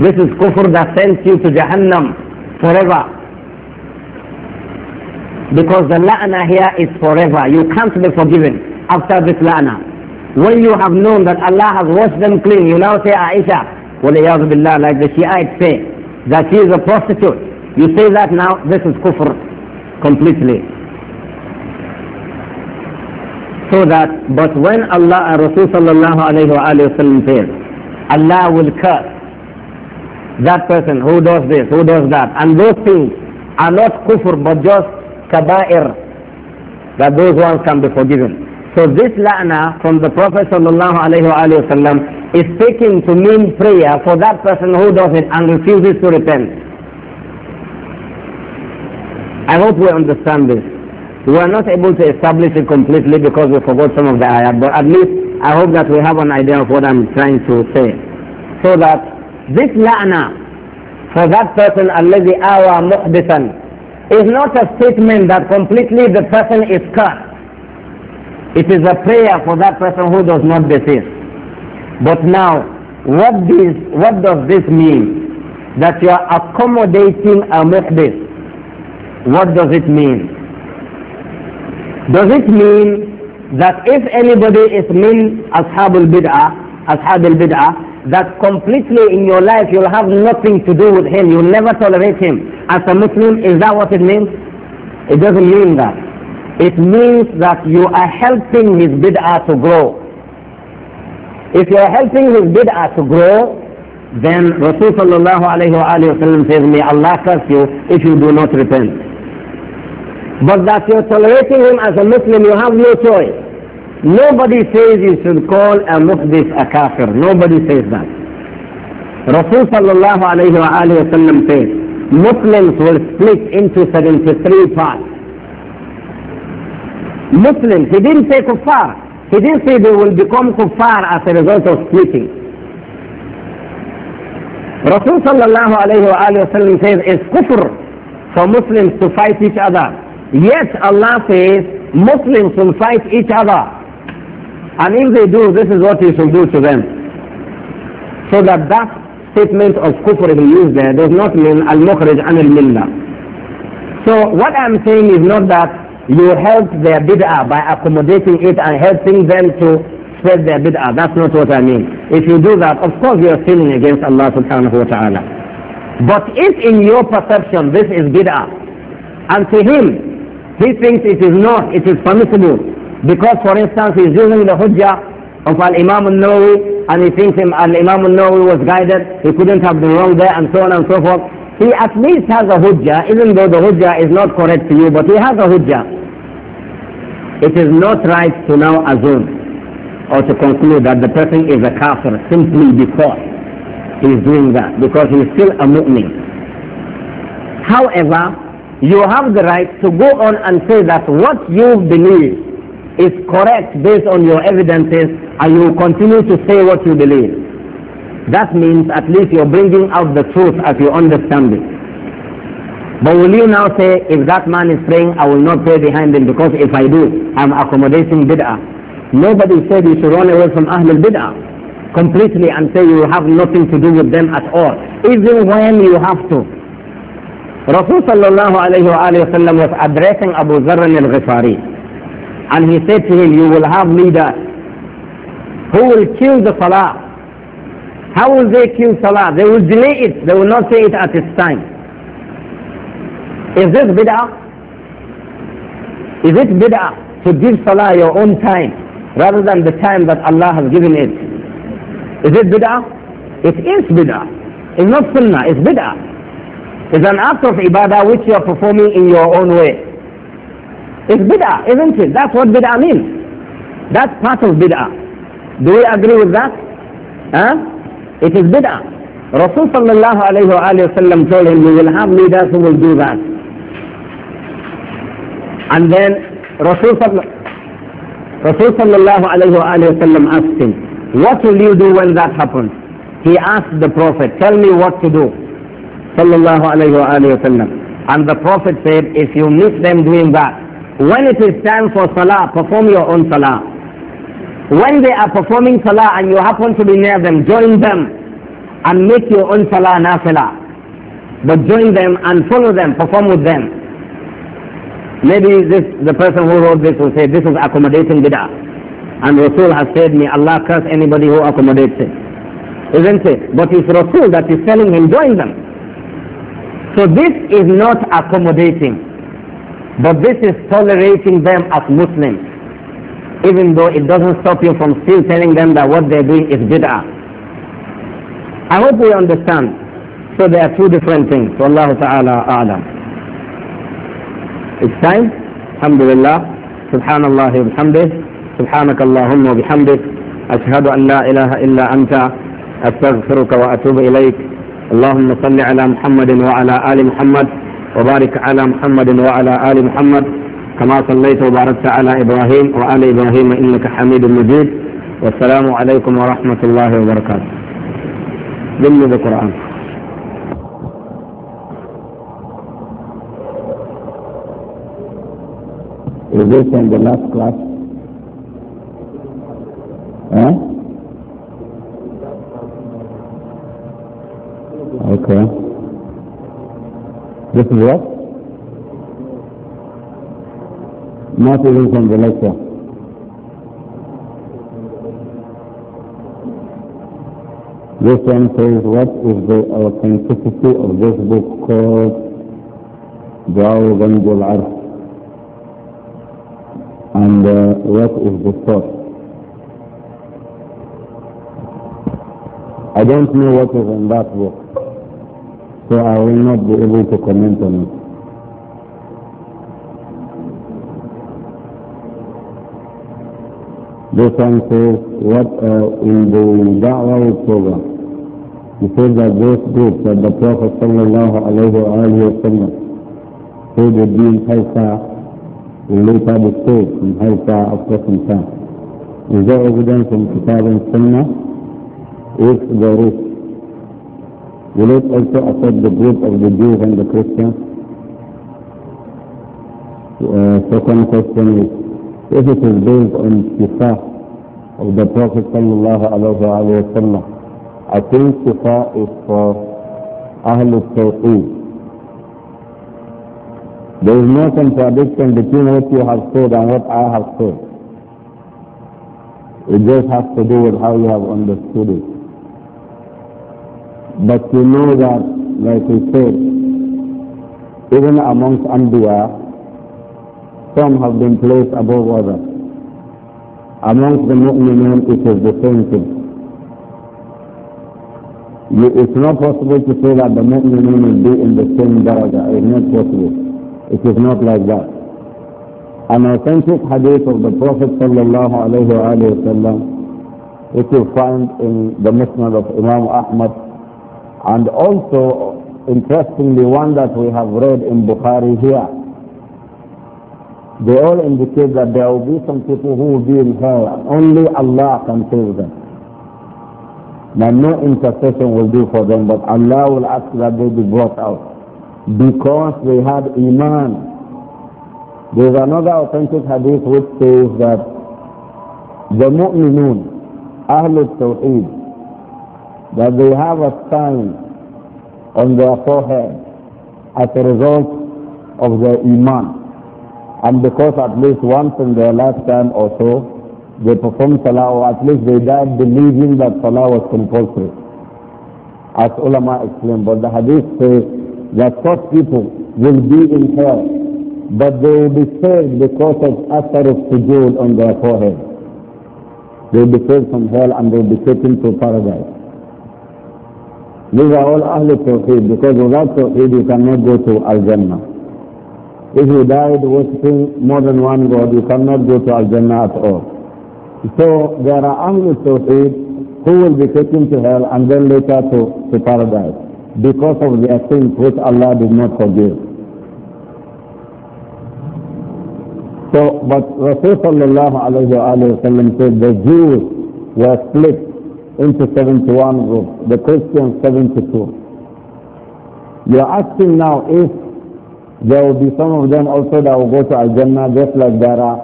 This is kufr that sends you to Jahannam forever because the la'na here is forever. You can't be forgiven after this la'na. When you have known that Allah has washed them clean, you now say Aisha, وَلِيَاذُ بِاللَّهِ Like the Shiites say, that she is a prostitute. You say that now, this is kufr completely. So that, but when Allah, Rasul sallallahu alayhi wa sallam says, Allah will curse that person who does this, who does that, and those things are not kufr but just kaba'ir that those ones can be forgiven. So this la'na from the Prophet sallallahu alaihi wasallam is taken to mean prayer for that person who does it and refuses to repent. I hope we understand this. We are not able to establish it completely because we forgot some of the ayat, but at least I hope that we have an idea of what I'm trying to say. So that this la'na for that person, الذي آوى محدثا is not a statement that completely the person is cursed. It is a prayer for that person who does not desist. But now, what, this, what does this mean? That you are accommodating a muhdith. What does it mean? Does it mean that if anybody is min ashabul bidah ashabul bidah that completely in your life you'll have nothing to do with him, you'll never tolerate him. As a Muslim, is that what it means? It doesn't mean that. It means that you are helping his bid'ah to grow. If you are helping his bid'ah to grow, then Rasul sallallahu alayhi wa says, may Allah curse you if you do not repent. But that you're tolerating him as a Muslim, you have no choice. Nobody says you should call a muhdith a kafir. Nobody says that. Rasul sallallahu alayhi wa alayhi wa says, Muslims will split into 73 parts. Muslims, he didn't say kuffar. He didn't say they will become kuffar as a result of splitting. Rasul sallallahu alayhi wa alayhi wa sallam says, it's kufr for Muslims to fight each other. Yet Allah says, Muslims will fight each other. And if they do, this is what you should do to them. So that that statement of kufr he used there does not mean al-mukhrij an al-millah. So what I'm saying is not that you help their bid'ah by accommodating it and helping them to spread their bid'ah. That's not what I mean. If you do that, of course you are sinning against Allah subhanahu wa ta'ala. But if in your perception this is bid'ah, and to him, he thinks it is not, it is permissible, because, for instance, he's using the hujjah of Al-Imam al-Nawawi and he thinks Al-Imam al-Nawawi was guided, he couldn't have been wrong there and so on and so forth. He at least has a hujjah, even though the hujjah is not correct to you, but he has a hujjah. It is not right to now assume or to conclude that the person is a kafir simply because he is doing that, because he is still a mu'min. However, you have the right to go on and say that what you believe is correct based on your evidences and you continue to say what you believe. That means at least you're bringing out the truth as you understand it. But will you now say, if that man is praying, I will not pray behind him because if I do, I'm accommodating bid'ah. Nobody said you should run away from Ahlul Bid'ah completely and say you have nothing to do with them at all, even when you have to. Rasulullah sallallahu alayhi wa was addressing Abu Zarr al-Ghifari and he said to him, you will have leader who will kill the salah. How will they kill salah? They will delay it. They will not say it at its time. Is this bid'ah? Is it bid'ah to give salah your own time rather than the time that Allah has given it? Is it bid'ah? It is bid'ah. It's not sunnah, it's bid'ah. It's an act of ibadah which you are performing in your own way. It's bid'ah, isn't it? That's what bid'ah means. That's part of bid'ah. Do we agree with that? Huh? It is bid'ah. Rasul sallallahu alayhi wa sallam told him, we will have leaders who will do that. And then Rasul sallallahu alayhi wa sallam asked him, what will you do when that happens? He asked the Prophet, tell me what to do. Sallallahu alayhi wa sallam. And the Prophet said, if you miss them doing that, when it is time for salah, perform your own salah. When they are performing salah and you happen to be near them, join them and make your own salah nafilah. But join them and follow them, perform with them. Maybe this, the person who wrote this will say, this is accommodating bid'ah. And Rasul has said, may Allah curse anybody who accommodates it. Isn't it? But it's Rasul that is telling him, join them. So this is not accommodating. But this is tolerating them as Muslims, even though it doesn't stop you from still telling them that what they're doing is bid'ah. I hope we understand. So there are two different things. Wallahu ta'ala a'lam. It's time. Alhamdulillah. Subhanallah. الله وبحمده سبحانك اللهم وبحمدك أشهد أن لا إله إلا أنت أستغفرك وأتوب إليك اللهم صل على محمد وعلى آل محمد وبارك على محمد وعلى آل محمد كما صليت وباركت على إبراهيم وآل إبراهيم إنك حميد مجيد والسلام عليكم ورحمة الله وبركاته جمد القرآن
Is this in the last class? Huh? Okay. This is what? Not even from the lecture. This one says, what is the authenticity of this book called Da'u Ghanjul Arf? And uh, what is the source? I don't know what is in that book so I will not be able to comment on it. This one says, what uh, in the Da'wah program, he says that those groups that the Prophet sallallahu alayhi wa sallam said would be in Haifa will later be saved from Haifa after some time. Is there evidence in Kitab and Sunnah? If there is Will it also affect the group of the Jews and the Christians? Uh, second question is, if it is based on Shifa of the Prophet sallallahu alaihi wasallam, I think Shifa is for Ahlul Tawqeed. There is no contradiction between what you have said and what I have said. It just has to do with how you have understood it. But you know that, like we said, even amongst Ambiya, some have been placed above others. Amongst the Mu'minun, it is the same thing. It's not possible to say that the Mu'minun will be in the same daraja. It's not possible. It is not like that. An authentic hadith of the Prophet sallallahu alayhi wa sallam, which you find in the Musnad of Imam Ahmad and also, interestingly, one that we have read in Bukhari here, they all indicate that there will be some people who will be in hell. Only Allah can save them. Now no intercession will do for them, but Allah will ask that they be brought out. Because they had Iman. There is another authentic hadith which says that the mu'minun, Ahlul Tawheed, that they have a sign on their forehead as a result of their iman. And because at least once in their lifetime or so, they performed salah or at least they died believing that salah was compulsory. As ulama explained, but the hadith says that such people will be in hell, but they will be saved because of asar of sujood on their forehead. They will be saved from hell and they will be taken to paradise. These are all Ahlul Tawheed because without Tawheed you cannot go to Al-Jannah. If you died worshipping more than one God, you cannot go to Al-Jannah at all. So there are Ahlul Tawheed who will be taken to hell and then later to, to paradise because of their sins which Allah did not forgive. So, but Rasulullah sallallahu alayhi wa said the Jews were split into 71 group, the Christians 72. You are asking now if there will be some of them also that will go to Al-Jannah just like there are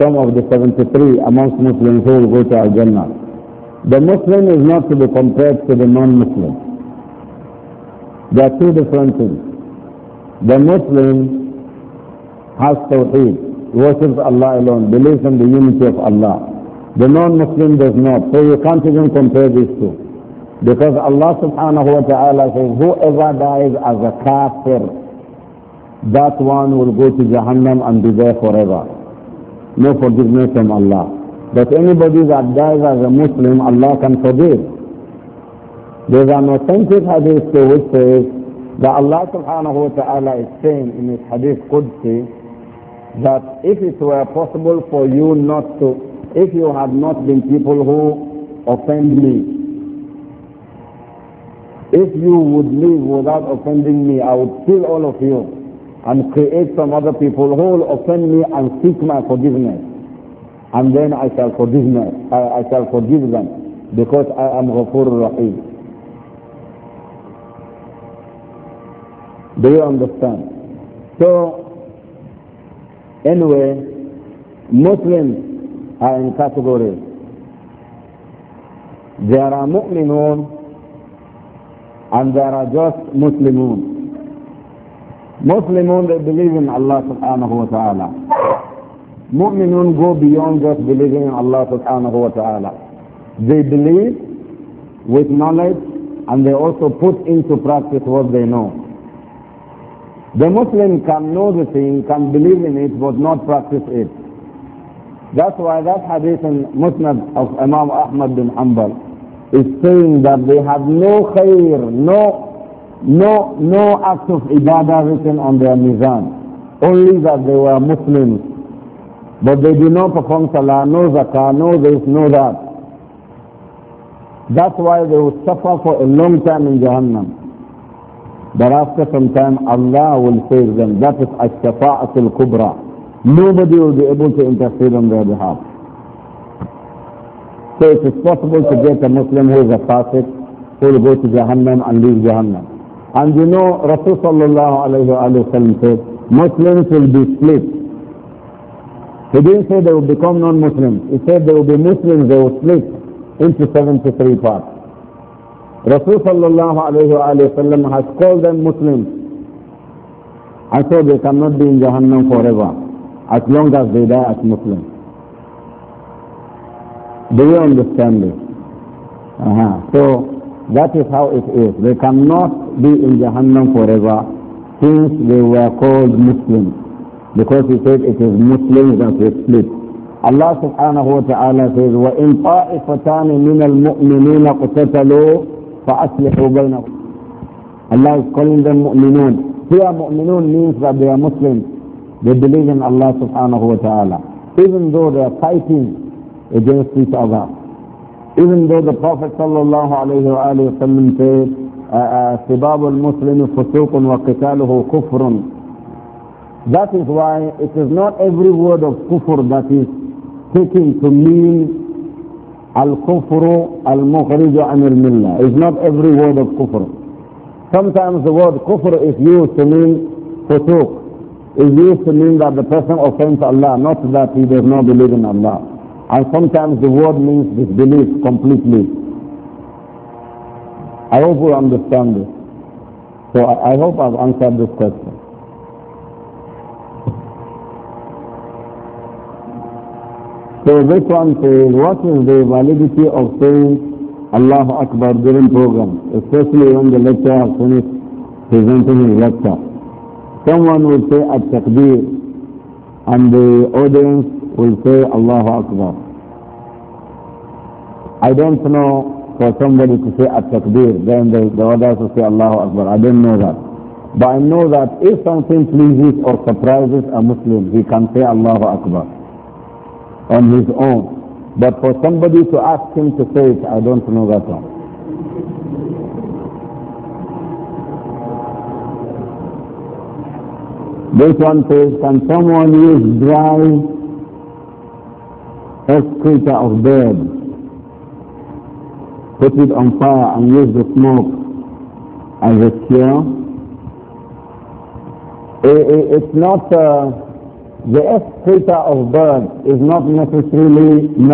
some of the 73 amongst Muslims who will go to Al-Jannah. The Muslim is not to be compared to the non-Muslim. There are two different things. The Muslim has tawheed, worships Allah alone, believes in the unity of Allah. The non-Muslim does not. So you can't even compare these two. Because Allah subhanahu wa ta'ala says, whoever dies as a kafir, that one will go to Jahannam and be there forever. No forgiveness from Allah. But anybody that dies as a Muslim, Allah can forgive. There's an authentic hadith which says that Allah subhanahu wa ta'ala is saying in his hadith Qudsi that if it were possible for you not to if you have not been people who offend me, if you would live without offending me, I would kill all of you and create some other people who will offend me and seek my forgiveness. And then I shall forgive them. I, I shall forgive them because I am Ghafur Rahim. Do you understand? So, anyway, Muslims are in categories. There are mu'minun and there are just muslimun. Muslimun they believe in Allah subhanahu wa ta'ala. Mu'minun go beyond just believing in Allah subhanahu wa ta'ala. They believe with knowledge and they also put into practice what they know. The Muslim can know the thing, can believe in it, but not practice it. That's why that hadith in Musnad of Imam Ahmad bin Hanbal is saying that they have no khair, no, no, no act of ibadah written on their mizan. Only that they were Muslims. But they do not perform salah, no zakah, no this, no that. That's why they will suffer for a long time in Jahannam. But after some time, Allah will save them. That is al kubra nobody will be able to interfere on their behalf. So it is possible to get a Muslim who is a prophet who will go to Jahannam and leave Jahannam. And you know, Rasulullah sallallahu said, Muslims will be split. He didn't say they will become non-Muslims. He said they will be Muslims, they will split into 73 parts. Rasulullah sallallahu has called them Muslims. And so they cannot be in Jahannam forever as long as they die as Muslims. Do you understand this? Uh -huh. So that is how it is. They cannot be in Jahannam forever since they were called Muslims because he said it is Muslims that will split. Allah subhanahu wa ta'ala says, وَإِن طَائِفَتَانِ مِنَ الْمُؤْمِنِينَ قُتَتَلُوا فَأَصْلِحُوا بَيْنَهُمْ Allah is calling them mu'minun. Here mu'minun means that they are Muslims. They believe in Allah subhanahu wa ta'ala. Even though they are fighting against each other. Even though the Prophet sallallahu alayhi wa sallam said, سباب المسلم فسوق وقتاله كفر That is why it is not every word of kufr that is taken to mean al-kufru al-mukhriju anil millah. It's not every word of kufr. Sometimes the word kufr is used to mean futuq is used to mean that the person offends Allah, not that he does not believe in Allah. And sometimes the word means disbelief completely. I hope you understand this. So I, I hope I've answered this question. So this one says, what is the validity of saying Allahu Akbar during program, especially when the lecturer has finished presenting his lecture? Someone will say at takbir and the audience will say Allahu Akbar. I don't know for somebody to say at takbir, then the, the others will say Allahu Akbar. I don't know that. But I know that if something pleases or surprises a Muslim, he can say Allahu Akbar on his own. But for somebody to ask him to say it, I don't know that one. This one says, can someone use dry excreta of bird, put it on fire and use the smoke as a cure? It, eh, it, eh, it's not, uh, the excreta of bird is not necessarily